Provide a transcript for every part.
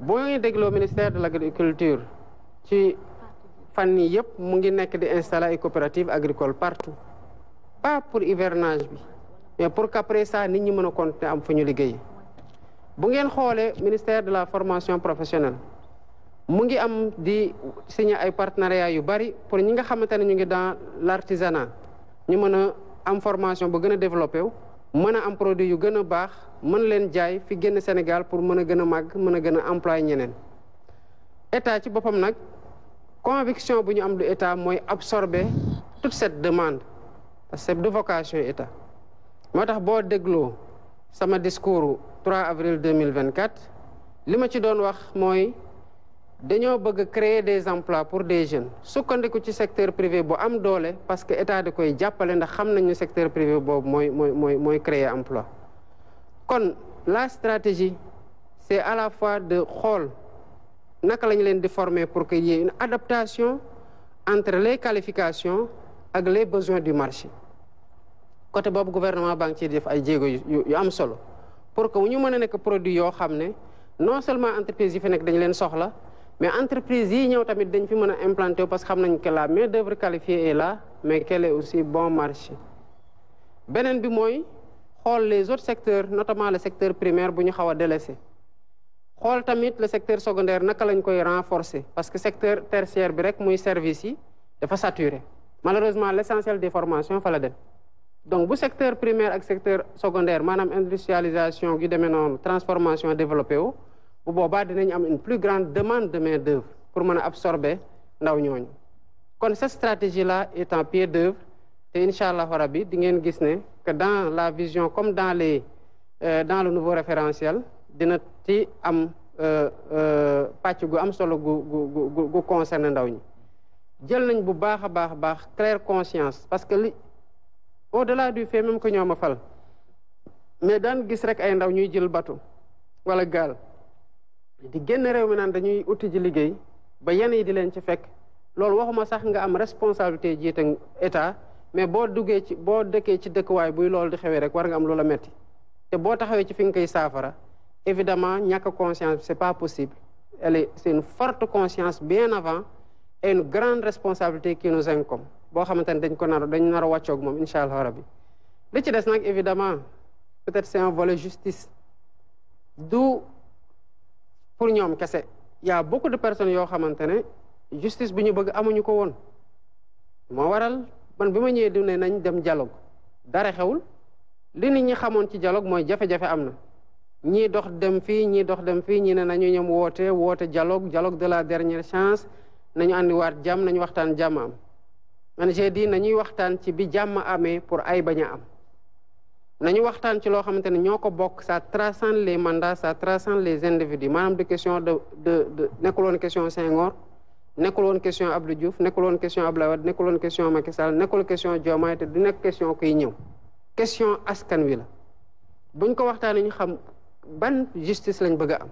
boo ñuy dégloo ministère de l' agriculture ci fan yii yëpp mu ngi nekk di installer ay coopérative agricoles partout pas pour hivernage bi mais pour qu'après ça ni ñi mën a continuer am fu ñu liggéey bu ngeen xoolee ministère de la formation professionnelle mu ngi am di signé ay partenariats yu bari pour ñi nga xamante ne ñu ngi dans l' artisanat ñu mën a am formation bu gën a développé wu. mën a am produit yu gën a baax mën leen jaay fi génn Sénégal pour mën a gën a màgg mën a gën a employé ñeneen état ci boppam nag conviction bu ñu am du état mooy absorber toute cette demande parce que du vocation état moo tax boo dégloo sama discours 3 avril 2024 li ma ci doon wax mooy dañoo bëgg créer des emplois pour des jeunes sukkandiku ci secteur privé bu am doole parce que état da koy jàppale ndax xam nañu secteur privé boobu mooy mooy mooy mooy créer emploi kon la stratégie c'est à la fois de xool naka lañu leen di former pour que y ait adaptation entre les qualifications ak les besoins du marché côté boobu gouvernement baa ngi ciy def ay jéego yu am solo pour que ñu mën a nekk produit yoo xam ne non seulement entreprise yi fi nekk dañu leen soxla mais entreprise yi ñëw tamit dañ fi mën a implanté parce que xam nañ que la main d'œuvre qualifiée la mais kele aussi bon marché beneen bi mooy xool les autres secteurs notamment le secteur primaire bu ñu xaw a délaissé xool tamit le secteur secondaire naka lañ koy renforcer parce que secteur tertiaire bi rek muy service yi dafa saturé malheureusement l'essentiel des formation fa la dem donc bu secteur primaire ak secteur secondaire maanaam industrialisation gi demee noonu transformation développé wu bu boobaa dinañ am une plus grande demande de main d'œuvre pour mën a absorber ndaw ñooñu kon cette stratégie là est en pied d'œuvre te incha allah di ngeen gis ne que dans la vision comme dans les euh, dans le nouveau référentiel dina ci am euh, euh, pàcc gu am solo gu gu gu ndaw ñi jël nañ bu baax a baax baax claire conscience parce que li au-delà du fait même que ñoo ma fal mais daan gis rek ay ndaw ñuy jël bateau wala gaal. di génn réew mi naan dañuy uti ji liggéey ba yenn yi di leen ci fekk loolu waxuma sax nga am responsabilité jiite état mais boo duggee ci boo dëkkee ci dëkkuwaay buy loolu di xewee rek war nga am lu la metti te boo taxawee ci fi nga koy saafara évidemment ñàkk conscience c'est pas possible elle est c'est forte conscience bien avant et une grande responsabilité qui nous incombe boo xamante ne dañ ko nar dañ nar a wàccoog moom incha allah rabbi li ci des nag évidemment peut pour ñoom kese yaa a de personnes yoo xamante ne justice bu ñu bëgg amuñu ko woon moo waral man bi ma ñëwee du ne nañ dem dialogue dara xewul li nit ñi xamoon ci jaloog mooy jafe-jafe am na ñii dox dem fii ñii dox dem fii ñi ne nañu ñoom woote woote dialogue dialogue de la dernière chance nañu àndiwaat jàmm nañu waxtaan jàmm am man j'ai dit nañuy waxtaan ci bi jàmm amee pour ay bañ a am nañu waxtaan ci loo xamante ne ñoo ko bokk ça transcende les mandats ça transcende les individus maanaam de question de de de nekkul woon question Senghor nekkul woon question Abdou Diouf nekkul woon question Abdoulaye Wade nekkul woon question Macky Sall nekkul question Diomaye te du nekk question kuy ñëw question askan wi la buñ ko waxtaanee ñu xam ban justice lañ bëgg a am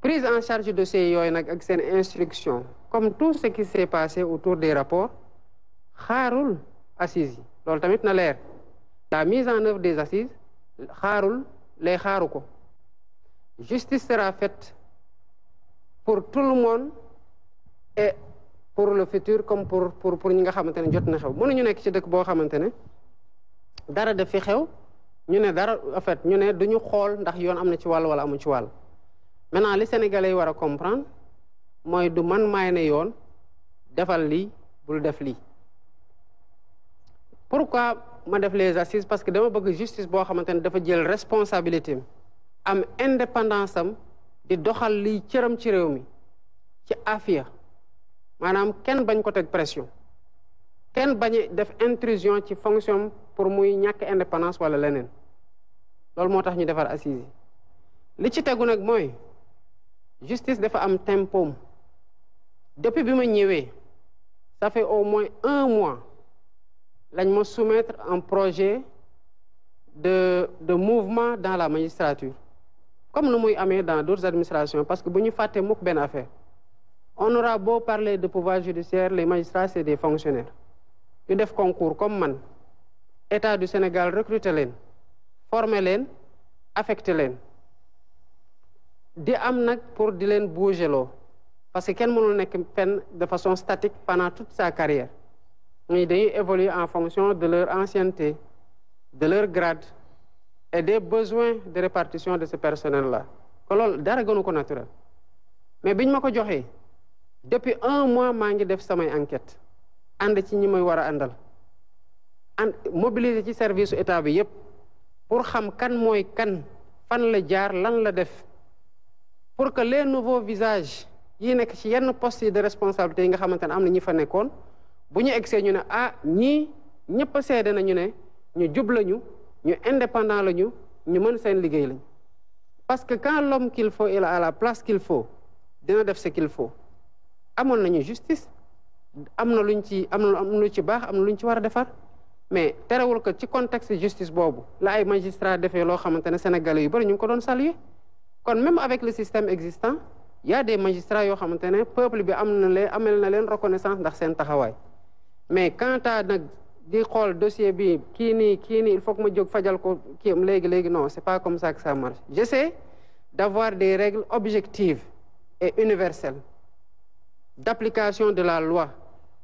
prise en charge dossier yooyu nag ak seen instruction comme tout ce qui s'est passé autour des rapports xaarul assises yi loolu tamit na leer la mise en œuvre des assises xaarul lay xaaru ko justice sera faite pour tout le monde et pour le future comme pour pour pour ñi nga xamante ne jot na xew ñu nekk ci dëkk boo xamante ne dara daf xew ñu ne dara en fait ñu ne duñu xool ndax yoon am na ci wàll wala amu ci wàll maintenant li Sénégalais war a comprendre mooy du man maay ne yoon defal lii bul def lii pourquoi ma def les assises parce que dama bëgg justice boo xamante ne dafa jël responsabilité am indépendance am di doxal liy cëram ci réew mi ci afia maanaam kenn bañ ko teg pression kenn bañ def intrusion ci fonction pour muy ñàkk indépendance wala leneen loolu moo tax ñu defar assises yi li ci tegu nag mooy justice dafa am tempoom depuis bi ma ñëwee ça fait au moins un mois lañ ma soumetre un projet de de mouvement dans la magistrature comme nu muy amee dans d'autres administrations parce que bu ñu fàtte ben benn affaire on aura beau parler de pouvoir judiciaire les magistrats c'est des fonctionnaires ñu def concours comme man état du Sénégal recruter leen former leen affecter leen di am nag pour di leen bouger parce que kenn mënul nekk fenn de façon statique pendant toute sa carrière ñuy dañuy évoluer en fonction de leur ancienneté de leur grade et des besoins de répartition de ce personnel là ko loolu dara gënu ko naturel mais biñ ma ko joxee depuis un mois maa ngi def samay enquête ànd ci ñi may war a àndal ànd mobiliser ci service su état bi yépp pour xam kan mooy kan fan la jaar lan la def pour que les nouveaux visages yi nekk ci yenn postes yi de responsabilité yi nga xamante ne am na ñi fa nekkoon bu ñu egsee ñu ne ah ñii ñëpp a seede nañu ne ñu jub lañu ñu indépendant lañu ñu mën seen liggéey lañu parce que quand l'homme qu'il faut il a la place qu'il faut dina def ce qu'il amoon nañu justice am na luñ ci am na lu ci baax am na luñ ci war a defar mais terewul ko ci contexte justice boobu laay ay magistrat defee loo xamante ne sénégalais yu bëri ñu ngi ko doon saluer kon même avec le système existant y a des magistrats yoo xamante ne peuple bi am na leen amel na leen reconnaissance ndax seen taxawaay mais quant nag di xool dossier bi kii nii kii nii il faut que ma jóg fajal ko kii am léegi léegi non c'est pas comme ça que ça marche j'essaie d'avoir des règles objectives et universelles d'application de la loi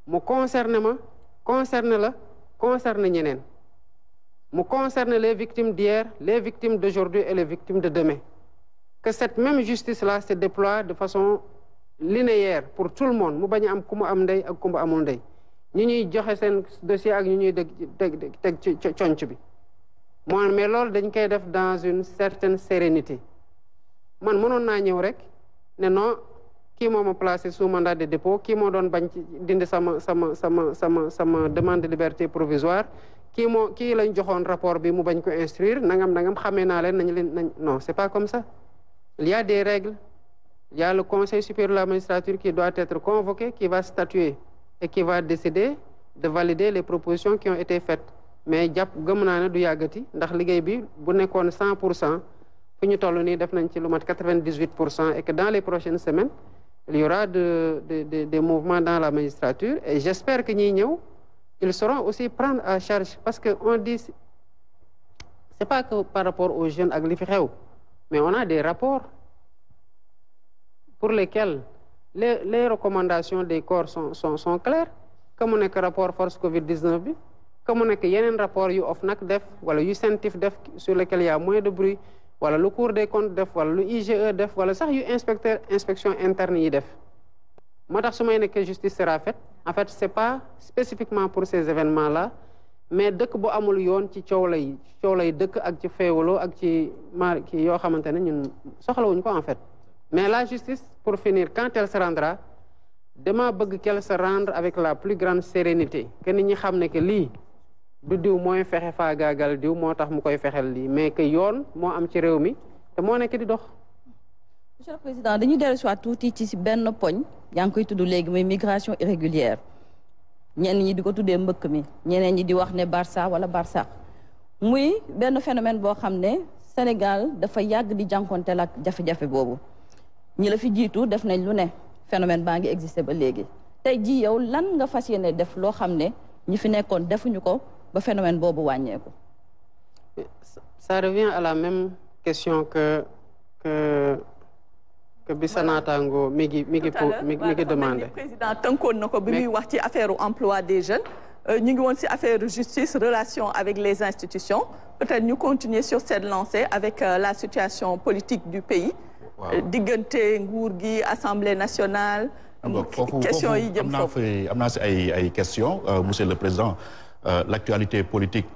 mu concerne ma concerne la concerne ñeneen mu concerne les victimes d'hier le victime d'aujourd'hui et les victimes de demain que cette même justice là se déploie de façon linéaire pour tout le monde mu bañ a am ku mu am ndey a ku mu amul ñu ñuy joxe seen dossier ak ñu ñuy deg dég teg ci conc bi moom mais loolu dañ koy def dans une certaine sérénité man mënoon naa ñëw rek ne non kii moom ma placé sous mandat de dépôt kii moo doon bañ ci dindi sama sama sama sama sama demande de liberté provisoire kii moo kii lañ joxoon rapport bi mu bañ ko instruire nangam nangam xamee naa leen nañ leen nañ non c'est pas comme ça il y des règles il y a le conseil supérieur de la magistrature qui doit être convoqué qui va statuer et qui va décider de valider les propositions qui ont été faites mais jàpp gëm naa ne du yàggati ndax liggéey bi bu nekkoon pour cent fu ñu toll nii def nañ ci lu mat quatre-vingt-dix-huit pour cent et que dans les prochaines semaines il y de de de des mouvements dans la magistrature et j'espère que ñiy ñëw ils sauront aussi prendre à charge parce que on dit c'est pas que par rapport aux jeunes ak li fi xew mais on a des rapports pour lesquels les les recommandations des corps son sont sont claires que nekk rapport force Covid 19 bi que mu nekk yeneen rapport yu OFNAC def wala yu CENTIF def sur lesquels il y moins de bruit wala lu Cour de comptes def wala lu IGE def wala sax yu inspecteur inspection interne yi def. moo tax su may nekkee justice sera faite en fait c'est pas spécifiquement pour ces événements la mais dëkk bu amul yoon ci coow lay coow lay dëkk ak ci feewuloo ak ci ma kii yoo xamante ne ñun soxlawuñ ko en fait. Mais la justice, pour finir, quand elle rendra, dama bëgg qu'elle sa rendre avec la plus grande sérénité que nit ñi xam ne que lii du diw mooy fexe faagaagal diw moo tax mu koy fexel lii mais que yoon moo am ci réew mi te moo nekk di dox. monsieur le président dañuy dellu si waat tuuti ci benn poñ yaa ngi koy tudd léegi muy migration irrégulière ñenn ñi di ko tuddee mbëkk mi ñeneen ñi di wax ne barsa wala Barça muy benn phénomène boo xam ne Sénégal dafa yàgg di jànkonteel ak jafe-jafe ñi la fi jiitu def nañ lu ne phénomène baa ngi existé ba léegi tey jii yow lan nga fas yéene def loo xam ne ñi fi nekkoon defuñu ko ba phénomène boobu wàññeeku. ça revient à la même question que que que bi mi ngi mi ngi mi ngi demandé. président tënkoon na ko bi muy wax ci affaire emploi des jeunes. Euh, ñu ngi woon si affaire justice relation avec les institutions peut-être ñu continuer sur cette lancée avec euh, la situation politique du pays. diggante nguur gi assemblée nationale. Ah, question yi jëm foofu am naa si ay ay question euh, monsieur le président euh, l' politique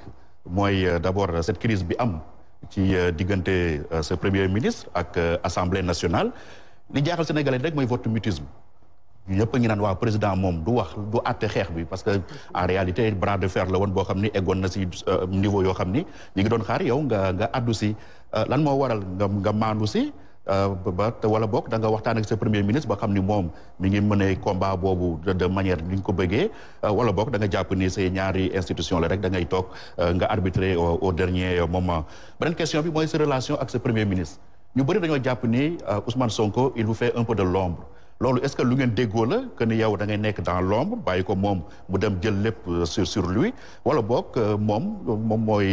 mooy euh, d' abord cette crise bi am ci diggante ce premier ministre ak assemblée nationale li jaaxal sénégalais rek mooy vote mutisme ñëpp a ngi naan waa président moom du wax du àtte xeex bi parce que en réalité bras de fer la woon boo xam ni eggoon na si niveau yoo xam ni ñu ngi doon xaar yow nga nga addu si lan moo waral nga nga si Euh, ba wala boog da nga waxtaan ak sa premier ministre ba xam ni moom mi ngi mënee combat boobu de manière ni nga ko bëggee euh, wala boog danga nga jàpp ni say ñaari institution la rek da ngay toog euh, nga arbitrer au dernier moment. beneen question bi mooy sa relation ak sa premier ministre ñu bëri dañoo jàpp ni Ousmane Sonko il vous fait un peu de l'ombre loolu est-ce que lu ngeen déggoo la que ni yow da ngay nekk dans l'ombre bàyyi ko moom mu dem jël lépp euh, sur sur lui wala boog euh, moom moom mooy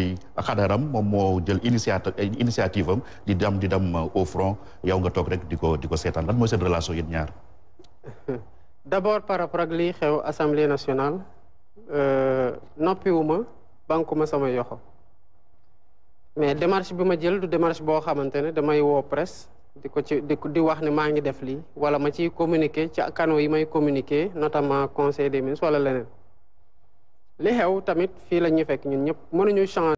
xadaram moom moo jël initiative initiative am di dem di dem euh, au front yow nga toog rek di ko di ko seetaan lan mooy seen relation yéen ñaar d'abord par rapport ak lii xew assemblée nationale noppiwuma bankuma sama yoxo mais démarche bi ma jël du démarche boo xamante ne damay woo presse di ko ci di di wax ne maa ngi def lii wala ma ciy communiqué ci canaux yi may communiquer notamment conseil des ministres wala leneen li xew tamit fii la ñuy fekk ñun ñëpp mënuñu changer